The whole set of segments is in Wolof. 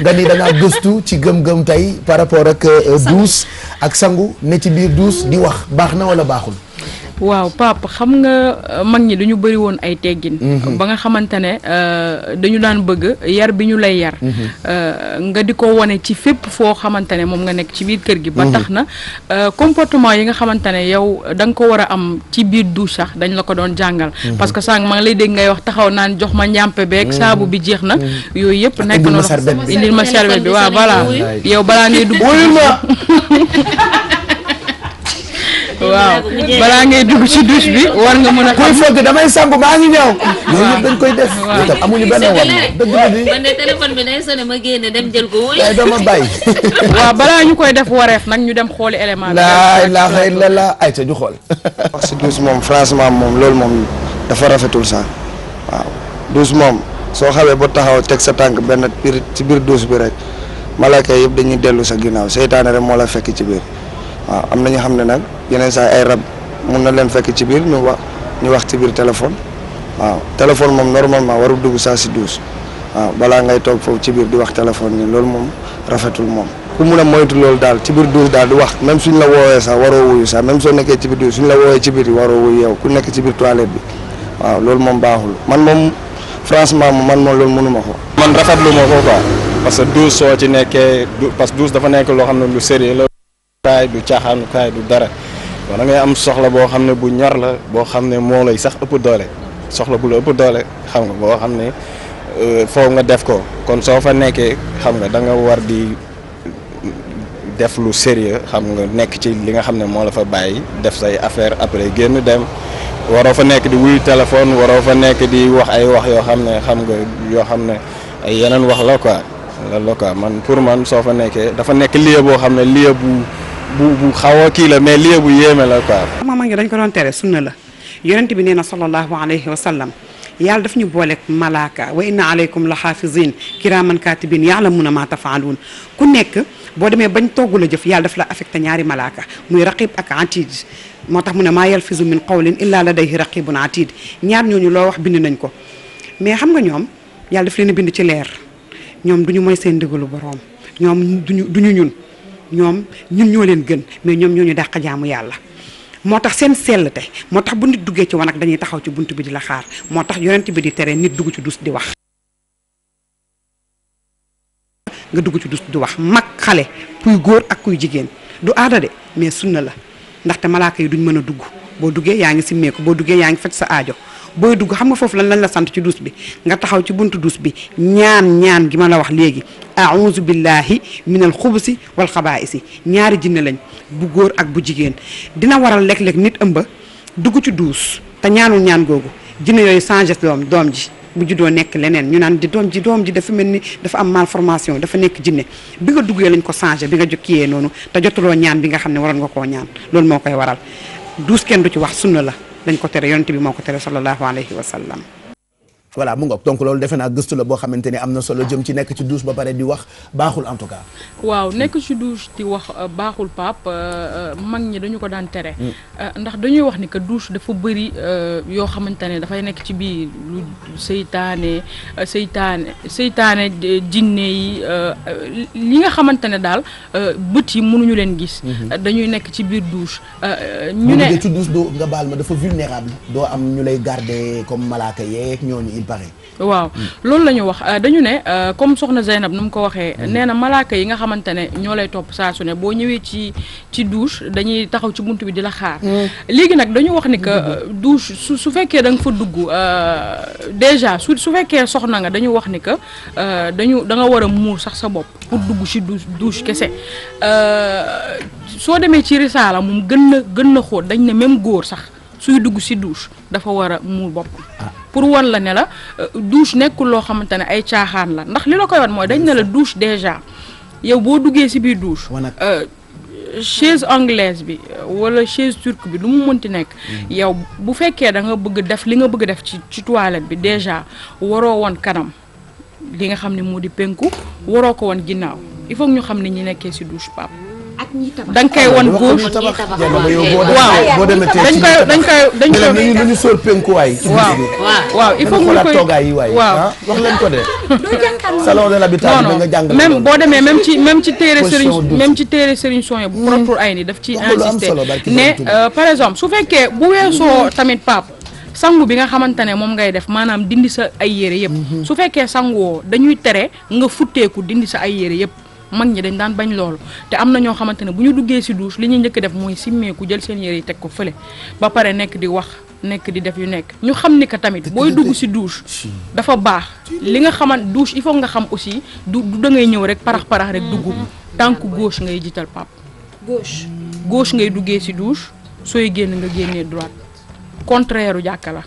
nga ni danga ngaa ci gëm-gëm tey par rapport ak euh, douche ak sangu ne ci biir douche di wax baax na wala baaxul waaw papa xam nga euh, mag ñi dañu bëri woon ay teggin. Mhm. ba nga xamante ne euh, dañu daan bëgg yar bi ñu lay yar. Mhm. Euh, nga di ko wane ci fépp foo xamante ne moom nga nekk ci biir kër gi. ba mhm. tax na comportement yi nga xamante ne yow da ko war a am ci biir du sax dañ la ko doon jàngal. parce que sànq maa lay dégg ngay wax taxaw naan jox ma njàmpe beeg saabu bi jeex na. yooyu yëpp nekk na indil ma serbet bi indil ma serbet bi waaw voilà yow balaa ngay waaw balaa ngay dugg ci douche bi war nga mën a. kuy fëgg damay sangu maa ngi ñëw. waaw yëpp dañ koy def. waaw amuñu benn woon dëgg la dama bàyyi. waaw balaa ñu koy def wareef nag ñu dem xooli élément bi. laa ilaaha illallaah ay ta ñu xool. wax si douche moom francement moom loolu moom dafa rafetul sax waaw douche moom soo xawee ba taxaw teg sa tànk benn biir ci biir douche bi rek malaaka yëpp dañuy dellu sa ginnaaw seytaane rek moo la fekk ci biir waaw am na ñu xam ne nag yeneen saa ay rab mun na leen fekk ci biir ñu wax ñu wax ci biir téléphone waaw téléphone moom normalement warul dugg saa si douche waaw balaa ngay toog foofu ci biir di wax téléphone ni loolu moom rafetul moom. ku mun a moytu loolu daal ci biir douche daal di wax même suñ la woowee sax waroo wuyu sax même soo nekkee ci biir douche suñ la woowee ci biir waroo wuyu yow ku nekk ci biir toilette bi waaw loolu moom baaxul man moom franchement man moom loolu mënu ma ko. man rafetlu ma ko quoi parce que douche soo ci nekkee parce que douche nekk loo xam ne lu sérieux la. kaay du caaxaanukaay du dara. kon da ngay am soxla boo xam ne bu ñor la boo xam ne moo lay sax ëpp doole soxla bu la ëpp doole xam nga boo xam ne euh, foo nga def ko kon soo fa nekkee xam nga da nga war di def lu sérieux xam nga nekk ci li nga xam ne moo la fa bàyyi def say affaire après génn dem waroo fa nekk di wuyu téléphone waroo fa nekk di wax ay wax yoo xam ne xam nga yoo xam ne ay yeneen wax la quoi la la man pour man soo fa nekkee dafa nekk lieu boo xam ne lieu bu bu bu xaw a kii la mais lieu bu yéeme la quoi. maam ngi dañ ko doon tere sunna la yonent bi nee na sallallahu alayhi wa sallam yàlla daf ñu booleeg malaaka wa inna aleykum la xaafizin kiraaman mun ya'lamuuna ma tafaaluun ku nekk boo demee bañ togg la jëf yàlla daf la affecté ñaari malaaka muy raqib ak atid moo tax mu ne maa yalfizu min qawlin illaa ladayhi raqibun atid ñaar ñooñu loo wax bind nañ ko mais xam nga ñoom yàlla daf leen a bind ci leer ñoom du ñu mooy seen ndigalu boroom ñoom duñu duñu ñun ñoom ñun ñoo leen gën mais ñoom ñoo ñu dàq jaamu yàlla moo tax seen sellte moo tax bu nit duggee ci wanag dañuy taxaw ci bunt bi di la xaar moo tax yonent bi di tere nit dugg ci dus di wax dugg ci dus di wax mag xale kuy góor ak kuy jigéen du aada de mais sunna la ndaxte malaaka yi duñ mën a dugg boo duggee yaa ngi simmeeku boo duggee yaa ngi faj sa aajo booy dugg xam nga foofu lan lañ la sant ci duus bi nga taxaw ci buntu duus bi ñaan ñaan gi ma la wax léegi aouzu billahi minal xubusi wal xabaa xabaa'isi ñaari jinne lañ bu góor ak bu jigéen dina waral léeg-léeg nit ëmba dugg ci duus te ñaanul ñaan googu jinne yooyu changé doom doom ji bu juddoo nekk leneen ñu naan di doom ji doom ji dafa mel ni dafa am malformation dafa nekk jinne bi nga duggee lañ ko changé bi nga yee noonu te jotuloo ñaan bi nga xam ne waroon nga koo ñaan loolu moo koy waral duus kenn du ci wax sunna la dañ ko tere yonent bi moo ko tere sallallahu alayhi wa voilà mu ngoog donc loolu defe naa gëstu la boo xamante ni am na solo jëm ci nekk ci douche ba pare di wax baaxul en tout cas. waaw nekk ci douche di wax euh, baaxul pap euh, euh, mag ñi dañu ko daan tere. Mm. ndax dañuy wax ni que douche dafa bëri yoo xamante ne dafay nekk ci biir lu seytaane seytaane seytaane jinne yi li nga xamante ne daal bët yi mënuñu leen gis. Mm-hmm. dañuy nekk ci biir douche. ñu ne ci douche doo nga baal ma dafa vulnérable. doo am ñu lay garder comme malaaka yeeg ñooñu pare. waaw hmm. loolu la ñu wax euh, dañu ne euh, comme soxna Zeynab nu mu ko waxee hmm. nee na malaaka yi nga xamante ne ñoo lay topp saa su ne boo ñëwee ci ci douche dañuy taxaw ci bunt bi di la xaar. Hmm. léegi nag dañu wax ni que euh, douche su su fekkee da nga fa dugg déjà su su fekkee soxna nga dañu wax ni que dañu da nga war a muur sax sa bopp pour dugg ci douche douche kese. soo demee ci risaala moom gën na gën na xóot dañ ne même góor sax suy dugg si douche dafa war a muur boppam. Ah. pour wan la ne la euh, douche nekkul loo xamante ne ay caaxaan la ndax li la koy wan mooy dañ ne la douche déjà yow boo duggee ci biir douche. Euh, chaise anglaise bi euh, wala chaise turque bi lu mu mënti nekk mm. yow bu fekkee da nga bëgg def li nga bëgg def ci ci bi déjà waroo woon kanam li nga xam ne moo di penku waroo ko woon ginnaaw il faut ñu xam ni ñu nekkee ci douche pap ak ñi tabax da nga koy wan buuf waaw dañ koy dañ koy dañ koy dañ koy ñu sóor penkuwaay. waaw waaw il faut nga koy toogaay yi waay. waaw ah, wax leen ko de. salon de l'habitat bi nga jàng même boo demee même ci même ci téere Serigne même ci téere Serigne Sonia bu hmm. propre ay ni daf ci insister ne euh, par exemple su fekkee bu weesoo hmm. tamit Pape. sangu bi nga xamante ne moom ngay def maanaam dindi sa ay yére yëpp. Hmm. su fekkee sangu woo dañuy tere nga futteeku dindi sa ay yére yëpp. mag ñi dañ daan bañ loolu te am na ñoo xamante ne bu ñu duggee si douche li ñuy njëkk def mooy simmeeku jël seen yére yi teg ko fële ba pare nekk di wax nekk di def yu nekk ñu xam ni que tamit booy dugg si douche dafa baax li nga xaman douche il faut nga xam aussi du dangay ñëw rek parax parax rek dugg tànk gauche ngay jiital pap gauche gauche ngay duggee si douche sooy génn nga génnee droite contraire jàkk la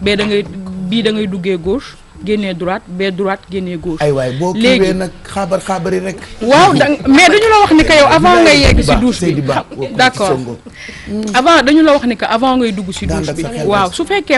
bee da ngay bii da ngay duggee gauche génnee droite bee droite génnee gauche. ay waay boo kiiwee nag xaabar xaabari rek. waaw mais dañu la wax ni que yow avant ngay yegg si douche bi d'accord mm. dugg si douche bi waaw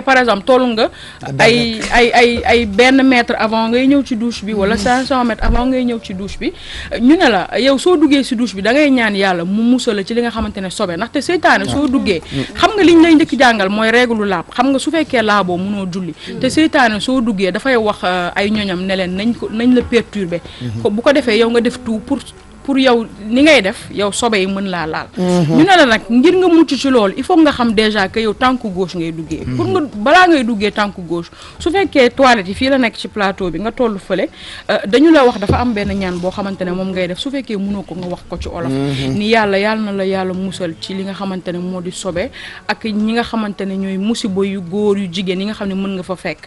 par exemple toll nga ah, ay ay ay benn mètre avant ngay ñëw ci douche bi wala 500 mètres avant ngay ñëw ci douche bi ñu ne la yow soo duggee si douche bi da ngay ñaan yàlla mu musal la ci li nga xamante ne sobe ndaxte seytaane ah. soo duggee mm. xam nga liñ lay njëkk jàngal mooy règlu laab xam nga su fekkee laaboo mënoo julli mm. te seytaane soo duggee dafay wax euh, ay ñoñam ne leen nañ ko nañ la perturber. Mhm. bu ko defee yow nga def tout pour pour yow ni ngay def yow sobe yi mën laa laal. Mhm. ñu ne la nag ngir nga mucc ci loolu il faut nga xam déjà que yow tànk gauche ngay duggee. Mhm. pour nga balaa ngay duggee tànku gauche su fekkee toilette yi fii la nekk ci plateau bi nga toll fële euh, dañu la wax dafa am benn ñaan boo xamante ne moom ngay def su fekkee mënoo ko nga wax ko ci olof. Mhm. ni yàlla yàlla na la yàlla musal ci li nga xamante ne moo di sobe ak ñi nga xamante ne ñooy musiba yu góor yu jigéen yi nga xam ne mën nga fa fekk.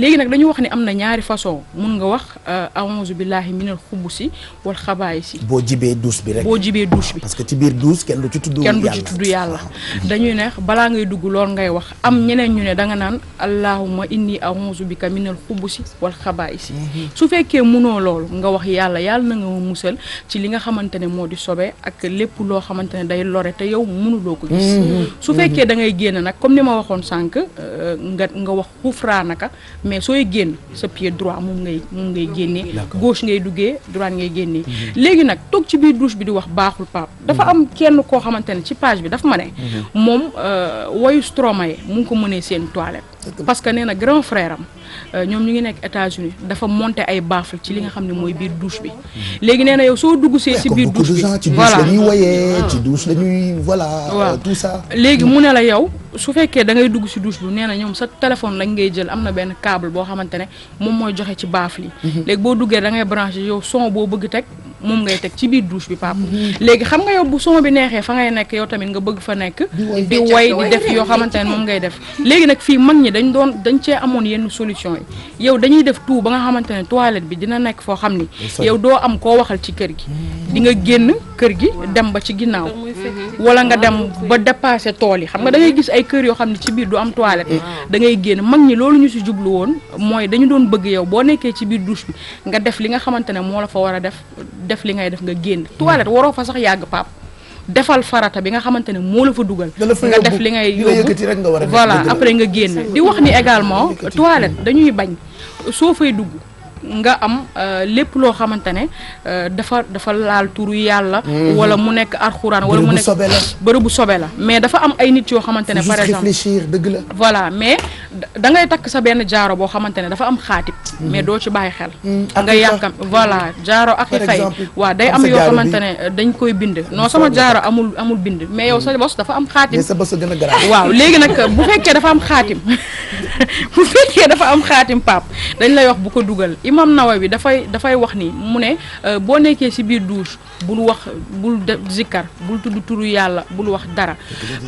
léegi nag dañu wax ne am na ñaari façon mën nga wax euh, a'uuzu billaahi minal xubusi wal boo jibee douche bi parce que ci biir douche kenn du ci tudd. yàlla kenn ne balaa ngay dugg loolu ngay wax am ñeneen ñu ne danga naan allahumma bi a'uuzu bika minal xubusi wal xabaa'isi. Mhm. su fekkee munoo loolu nga wax yàlla yàlla na nga musal ci li nga xamante ne moo di sobe ak lépp loo xamante ne day lore te yow munuloo ko gis. Mhm. Mhm. su fekkee da ngay génn nag comme ni ma waxoon sànq euh, nga nga wax xufraanaka mais sooy génn sa pied droit moom ngay mu ngay génnee. gauche ngay duggee droite toog ci biir douche bi di wax baaxul Pape. dafa mm-hmm. am kenn koo xamante ne ci page bi dafa ma ne. Mm-hmm. moom euh, woyu Stromae mu ngi ko mënee seen toilette. parce que nee na grand frère am euh, ñoom ñu ngi nekk États-Unis dafa monter ay baffle ci li nga xam ne mooy biir douche bi. Mm-hmm. léegi nee na yow soo dugg see. si biir douche bi voilà ci douche la ñuy woyee ah. ci ñuy voilà. waaw euh, tout ça. léegi mu ne la yow su fekkee da ngay dugg si douche bi nee na ñoom sa téléphone lañ ngay jël am na benn câble boo xamante ne moom mooy joxe ci baffle yi. léegi boo duggee da ngay yow son boo bëgg teg. moom ngay teg ci biir douche bi papa mhm. léegi xam nga yow bu son bi neexee fa ngay nekk yow tamit nga bëgg fa nekk di way di def yoo xamante ne moom ngay def léegi nag fii mag ñi dañ doon dañ cee amoon yenn solution yi yow dañuy def tout ba nga xamante ne toilette bi dina nekk foo xam ni yow doo am koo waxal ci kër gi mhm. di nga génn kër gi dem ba ci ginnaaw wala nga dem ba dépassé tool yi xam nga da ngay gis ay kër yoo xam ne ci biir du am toilette da ngay génn mag ñi loolu ñu si jublu woon mooy dañu doon bëgg yow boo nekkee ci biir douche bi nga def li nga xamante ne moo la fa war a def def li ngay def nga génn toilette waroo fa sax yàgg pap defal farata bi nga xamante ne moo la fa dugal nga def li ngay yóbbu voilà après nga génn di wax ni également toilette dañuy bañ soo fay dugg nga am euh, lépp loo xamante ne euh, dafa dafa laal turu yàlla. Mhm. wala mu nekk arxuraan wala mu nekk bërëbu sobe la mais dafa am ay nit yoo xamante ne. par exemple réfléchir dëgg la. voilà mais dangay takk sa benn jaaro boo xamante ne dafa am xaatib. Mhm. mais doo ci bàyyi xel. Mhm. nga yàkkam voilà jaaro ak xay waaw day am yoo xamante ne euh, dañ koy bind. noo sama jaaro amul amul bind mais yow sa bos dafa am xaatib. sa bos a gën waaw léegi nag bu fekkee dafa am xaatib. bu fekkee dafa am xaatim pap dañ lay wax bu ko dugal imam bi dafay dafay wax ni mu ne euh, boo nekkee ci biir douche bul wax bul de zikkar bul tudd turu yàlla bul wax dara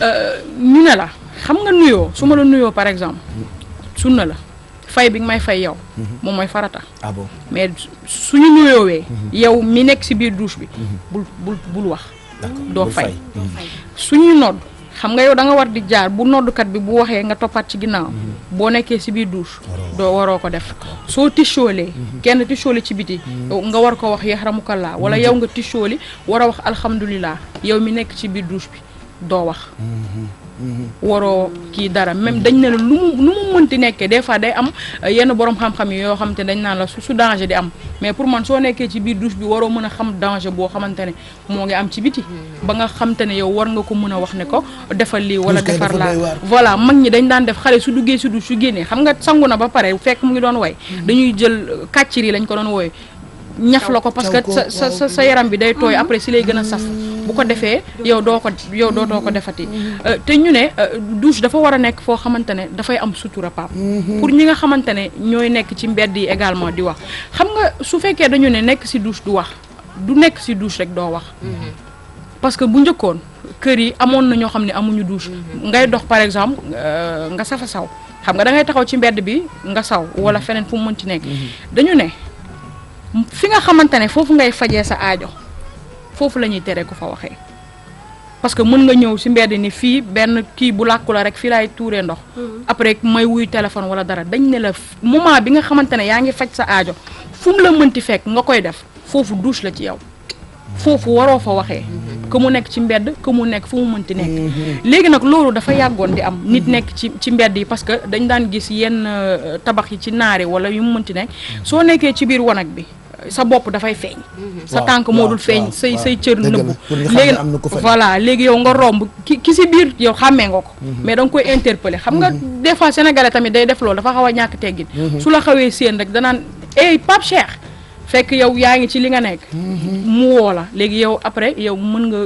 euh, ñu ne la xam nga nuyoo su ma la nuyoo par exemple sunna la fay bi nga may fay yow mhm. moom mooy farata ah bon mais suñu nuyoowee mhm. yow mi nekk ci biir duus bi mhm. bul bul bul wax doo fay suñuy nodd xam nga yow da nga war di jaar bu noddukat bi bu waxee nga toppaat ci ginnaaw mhm. boo nekkee si biir douche doo waroo ko def soo tichoolee mhm. kenn tichooli ci biti mhm. nga war ko wax yaxramukallaa wala yow nga tichooli war a wax alhamdulilah yow mi nekk ci biir duus bi doo wax waroo kii dara même dañ ne la lu mu lu mu mënti nekkee des fois day am euh, yenn borom xam-xam yi yoo xam te dañ naan la su danger di am mais pour man soo nekkee ci biir douche bi waroo mën a xam danger boo xamante ne moo ngi am ci biti hmm. ba nga xam te ne yow war nga ko mën a wax ne ko defal lii wala defar laa voilà mag ñi dañ daan def xale su duggee su douche su génnee xam nga sangu na ba pare fekk mu ngi doon woy hmm. dañuy jël euh, kàccir yi lañ ko doon wooye ñaf la ko parce que sa sa sa yaram bi day tooy après si lay gën a saf bu ko defee yow doo ko yow dootoo ko defati euh, te ñu ne euh, douche dafa war a nekk foo xamante ne dafay am sutura pap mhm. pour ñi nga xamante ne ñooy nekk ci mbedd yi également di wax xam nga su fekkee dañu ne nekk si douche du wax du nekk si douche rek doo wax mhm. parce que bu njëkkoon kër yi amoon na ñoo xam ni amuñu douche mhm. ngay dox par exemple euh, nga safa saw xam nga da ngay taxaw ci mbedd bi nga saw wala feneen fu mën ci nekk dañu ne fi nga xamante ne foofu ngay fajee sa aajo foofu la ñuy tere ko fa waxee parce que mën nga ñëw si mbedd ni fii benn kii bu làkku la rek fii laay tuuree ndox. Mm-hmm. après may wuy téléphone wala dara dañ ne la moment bi nga xamante ne yaa ngi faj sa aajo fu mu la mënti fekk nga koy def foofu douche la ci yow foofu waroo fa waxee. que mu nekk ci mbedd que mu nekk fu mu mënti nekk. Mm-hmm. léegi nag loolu dafa yàggoon di am. nit nekk ci ci mbedd yi parce que dañ daan gis yenn euh, tabax yi ci naare wala yu mu mënti nekk mm-hmm. soo nekkee ci biir wanag bi. sa bopp dafay feeñ mhm. sa tànk moo dul feeñ say say cër nëbbu léegi voilà léegi yow nga romb ki ki si biir yow xàmmee nga ko mhm. mais da koy interpeller xam nga mhm. des fois sénégalais tamit day def loolu dafa xaw a ñàkk teggin su la xawee séen rek danaan ey eh, Pape Cheikh fekk yow yaa ngi ci li nga nekk mu woo la léegi yow après yow mën nga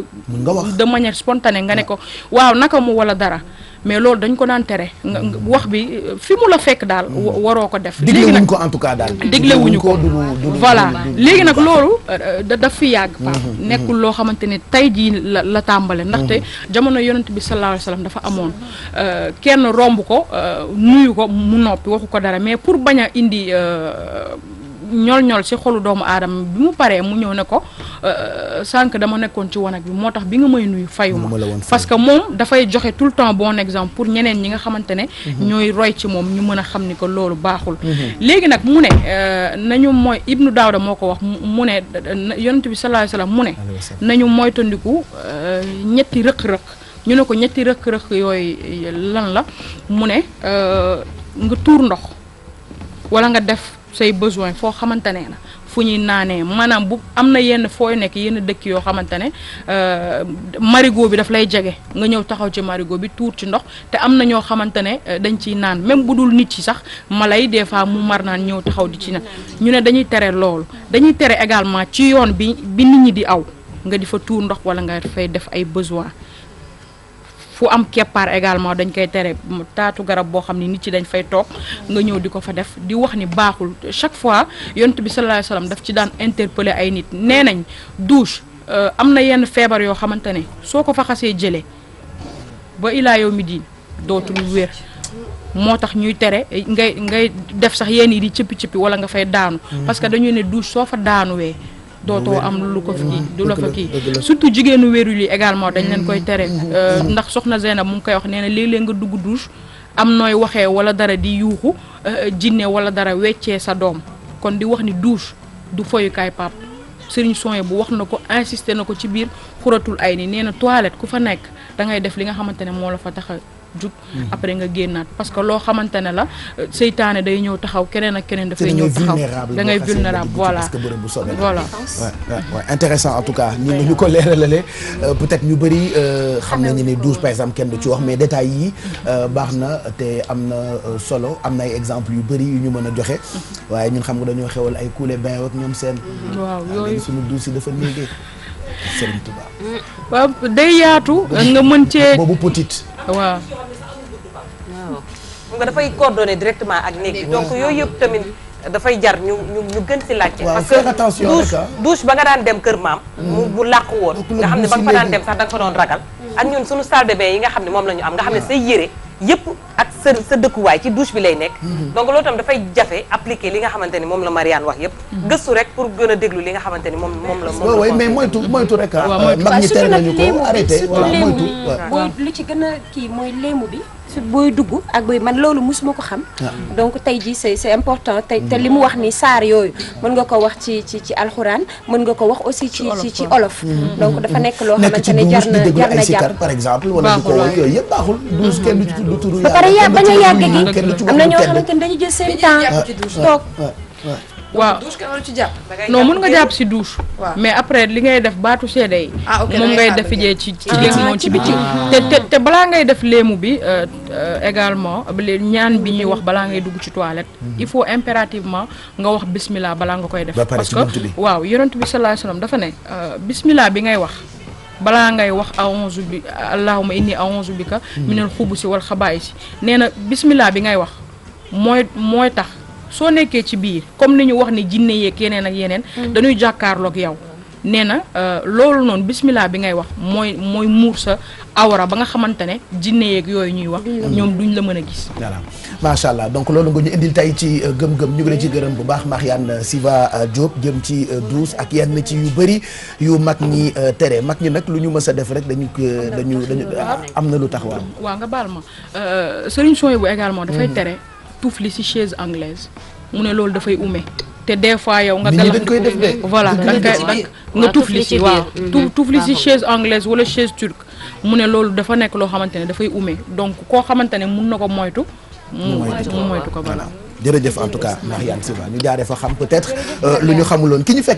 de manière spontanée nga ne ko waaw naka mu wala dara mais loolu dañ ko daan tere nga wax bi fi mu la fekk daal mm. waroo ko def digle wuñ ko en tout cas daal digle wuñu ko voilà léegi nag loolu euh, daf fi yàgg pa mm-hmm, mm-hmm. nekkul loo xamante ne tey jii la la tàmbale mm-hmm. ndaxte jamono yonent bi sallallahu alayhi wasallam dafa amoon euh, kenn romb ko euh, nuyu ko mu noppi waxu ko dara mais pour bañ a indi ñol-ñol ci xolu doomu aadama bi mu paree mu ñëw ne ko euh, euh, sànq dama nekkoon ci wanag bi moo tax bi nga may nuyu fayuma parce que moom dafay joxe tout le temps bon exemple pour ñeneen ñi nga xamante ne mhm. ñooy roy ci moom ñu mën a xam ni ko loolu baaxul mhm. léegi nag mu ne euh, nañu mooy ibnu daawda moo ko wax mu ne yonent bi sallallahu alayhi mu ne nañu moytandiku ñetti rëq-rëq ñu ne ko ñetti rëq-rëq yooyu lan la mu ne nga tuur ndox wala nga def say besoin foo xamante ne na fu ñuy naanee maanaam bu am na yenn fooy nekk yenn dëkk yoo xamante ne euh, marigot bi daf lay jege nga ñëw taxaw ci marigo bi tuur ci ndox te am na ñoo xamante ne euh, dañ ciy naan même bu dul nit ci sax mala yi des fois mu mar naan ñëw taxaw di ci naan ñu ne dañuy tere loolu dañuy tere également ci yoon bi bi nit ñi di aw nga di fa tuur ndox wala nga fay def ay besoin fu am keppaar également dañ koy tere taatu garab boo xam ne nit ci dañ fay toog nga ñëw di ko fa def di wax ni baaxul chaque fois yonent bi sallallahu alayhi wasallam daf ci daan interpeller ay nit nee nañ douche euh, am na yenn feebar yoo xamante ne soo ko fa xasee jëlee ba ilaa yow mi diin dootul wér moo tax ñuy tere ngay ngay def sax yenn yi di cëppi cëppi wala nga fay daanu mm-hmm. parce que dañuy ne douche soo fa daanuwee dootoo am lu ko kii du la kii surtout jigéenu wérul yi également dañ leen mm. koy tere mm. euh, ndax soxna Zeynab mu ngi koy wax nee na léeg nga dugg douche am nooy waxee wala dara di yuuxu euh, euh, jinne wala dara weccee sa doom kon di wax ni douche du foyukaay pap sëriñ soye bu wax na ko insisté na ko ci biir xuratul ay ni nee na toilette ku fa nekk da ngay def li nga xamante ne moo la fa tax jug après nga génnaat parce que loo xamante ne la seytaane day ñëw taxaw keneen ak keneen dafay ñëw taxaw da ngay vulnérable voilà voilà intéressant en tout cas ñi ñu ko leeralalee euh, peut ñu bëri euh, xam nañu ne douze par exemple kenn du ci wax mais détails yi euh, baax na te am na solo am na ay exemples yu bëri yu ñu mën a joxe waaye ñun xam nga dañoo xewal ay coulé bain ak ñoom seen waaw ah, yooyu suñu douze yi dafa néegee Serigne Touba waaw boobu petite waaw. waaw. nga dafay coordonné directement ak néeg bi donc yooyu yëpp tamit dafay jar ñu ñu ñu gën si laajte. parce que douche douche ba nga daan dem kër maam. mu bu hmm. làqu woon. nga xam ne ba nga fa daan dem sax da nga fa doon ragal. Hmm. ak ñun suñu salle de bain yi nga xam ne moom la ñu am nga xam ne hmm. say yére. yëpp ak sa sa dëkkuwaay ci douche bi lay nekk mhm. donc loo tam dafay jafe appliquer li nga xamante ni moom la Marianne wax yëpp mhm. gëstu rek pour gën a déglu li nga xamante ni moom moom la moom la mais moytu moytu rek ah mag ñi tere nañu ko arrêté voilà moytu surtout léemu bi li ci gën a kii mooy léemu bi booy dugg ak booy man loolu mosuma ko xam ah. donc tey jii c'est important tey te li mu wax ni saar yooyu mën nga ko wax ci ci ci alxuraan mën nga ko wax aussi ci ci ci olof mm-hmm. donc dafa nekk loo xamante ne jar na jar na jàpp par exemple wala mm-hmm. ba pare yàgg gi am na ñoo xamante ne dañu jël seen temps toog ah, ah, waaw douche kan ci jàpp. non nga jàpp si douche. mais après li ngay def baatu seede yi. Ah, moom ngay def jee ci ci léemu ah. ci biti. Ah. te te te balaa ngay def léemu bi euh, euh, également ñaan bi ñuy wax balaa ngay dugg ci toilette. Mhm. il faut impérativement nga wax bismillah balaa nga koy def. parce que waaw yonent bi sallallahu alayhi dafa ne euh, bismillah bi ngay wax. balaa ngay wax aonzu bi allahuma inni aonzu bika mhm. minal si wal xabaayisi nee na bismillah bi ngay wax mooy mooy tax. soo nekkee ci biir comme ni ñu wax ni jinne yeeg yeneen ak yeneen mm. dañuy jàkkaarlook yow nee na euh, loolu noonu bismillah bi ngay wax mooy mooy muur sa awra ba nga xamante ne jinne yeeg yooyu ñuy wax ñoom duñ la mën a gis voilà macha allah donc loolu nga ñu indil tay ci euh, gëm-gëm ñu ngi leen ci gërëm bu baax Marianne euh, Siva Diop jëm ci douze ak yenn ci yu bëri yu mag ñi tere mag ñi nag lu ñu mës a def rek dañu dañu dañu am na lu tax waaw waaw nga baal ma sëriñ Soye bu également mm. tere tuuf li ci chaise anglaise mu ne loolu dafay ume te des fois yow nga galax koy def de voilà nga tuuf li ci waaw tuuf li ci chaise anglaise wala chaise turque mu ne loolu dafa nekk loo xamante ne dafay ume donc koo xamante ne mun na ko moytu mu moytu ko voilà jërëjëf en tout cas Mariane Siva ñu jaaree fa xam peut-être euh, lu ñu xamuloon ki ñu fekk